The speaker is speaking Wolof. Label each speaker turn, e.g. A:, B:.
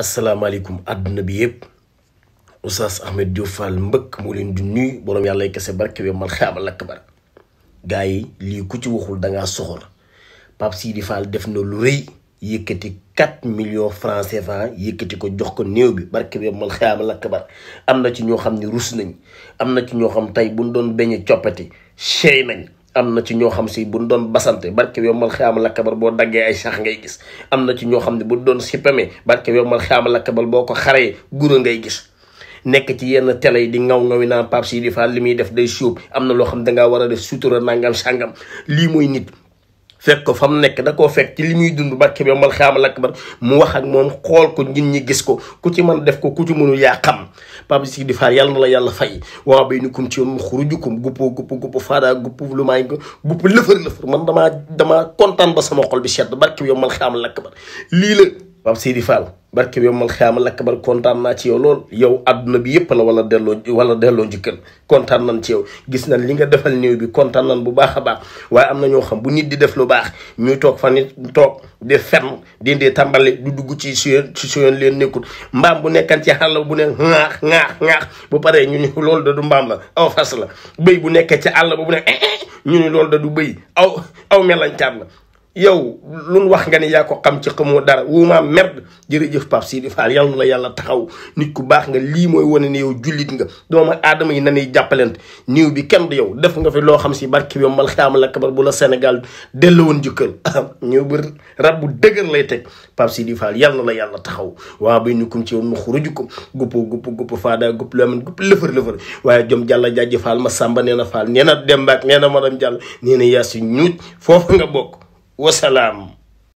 A: asalaamaaleykum àdduna bi yëpp Oustaz Ahmed Diop mbëkk moo leen di nuyu borom yàlla lay kese barke bi mal xaaba lakk bara gaa yi lii ku ci waxul da ngaa soxor Pape Sidi Fall def na lu rëy yëkkati 4 millions francs CFA yëkkati ko jox ko néew bi barke bi mal xaaba lakk bara am na ci ñoo xam ni ruus nañ am na ci ñoo xam tey buñ doon beñe coppati chey nañ am na ci ñoo xam si buñ doon basante barke yombal xiyaama lakkabar boo daggee ay sax ngay gis am na ci ñoo xam ne buñ doon sippame barke yombal xiyaama lakkabar boo ko xaree gura ngay gis nekk ci yenn tele yi di ngaw ngawi naan Pape Sidi Fall li muy def day suub am na loo xam dangaa war a def sutura nangam sàngam lii mooy nit fekk ko fa mu nekk da koo fekk ci li muy dund barke bi yombal xaama lakk bar mu wax ak moom xool ko nit ñi gis ko ku ci man def ko ku ci mënul yaa xam Pape Sidi Fall yàlla na la yàlla fay waa bay ni kum ci yoon xurujukum gupp gupp gupp faada gupp lu maay gupp lëfër lëfër man damaa damaa kontaan ba sama xol bi sedd barke bi yombal xaama lakk bar lii la Pape Sidi Fall barke bi yomal xeama lakk bar kontaan naa ci yow lool yow àdduna bi yëpp la wala delloo wala delloo njëkkal kontaan nañ ci yow gis nañ li nga defal néew bi kontaan nañ bu baax a baax waaye am na ñoo xam bu nit di def lu baax ñuy toog fan it toog di fenn di dee tàmbali du dugg ci su ci su yoon leen nekkut mbaam bu nekkan ci àll bu ne ŋaax ŋaax ŋaax bu paree ñu ne loolu da du mbaam la aw fas la bu nekkee ci àll ba bu ne eh, eh, ñu ne loolu da du bëy aw aw melancaat la yow luñ wax nga ne yaa ko xam ci xamoo dara wuma merde jërëjëf Pape Sidi Fall yal na la yàlla taxaw nit ku baax nga lii mooy wane ne yow jullit nga doomu aadama yi nanuy jàppalante niiw bi kenn di yow def nga fi loo xam si barki bi mbal xaamal akabar bu la Sénégal dellowoon jëkkal ñëw ba rab bu dëgër lay teg Pape Sidi Fall yal na la yàlla taxaw waa bay nukum ci yow nu xurujukum guppo gupp gupp faada gupp lamen gupp lëfër lëfër waaye jom jàlla jajji Fall ma sàmba nee na Fall nee na dembaak nee na madame Diallo nee yaa si ñuut foofu nga bokk wasalaam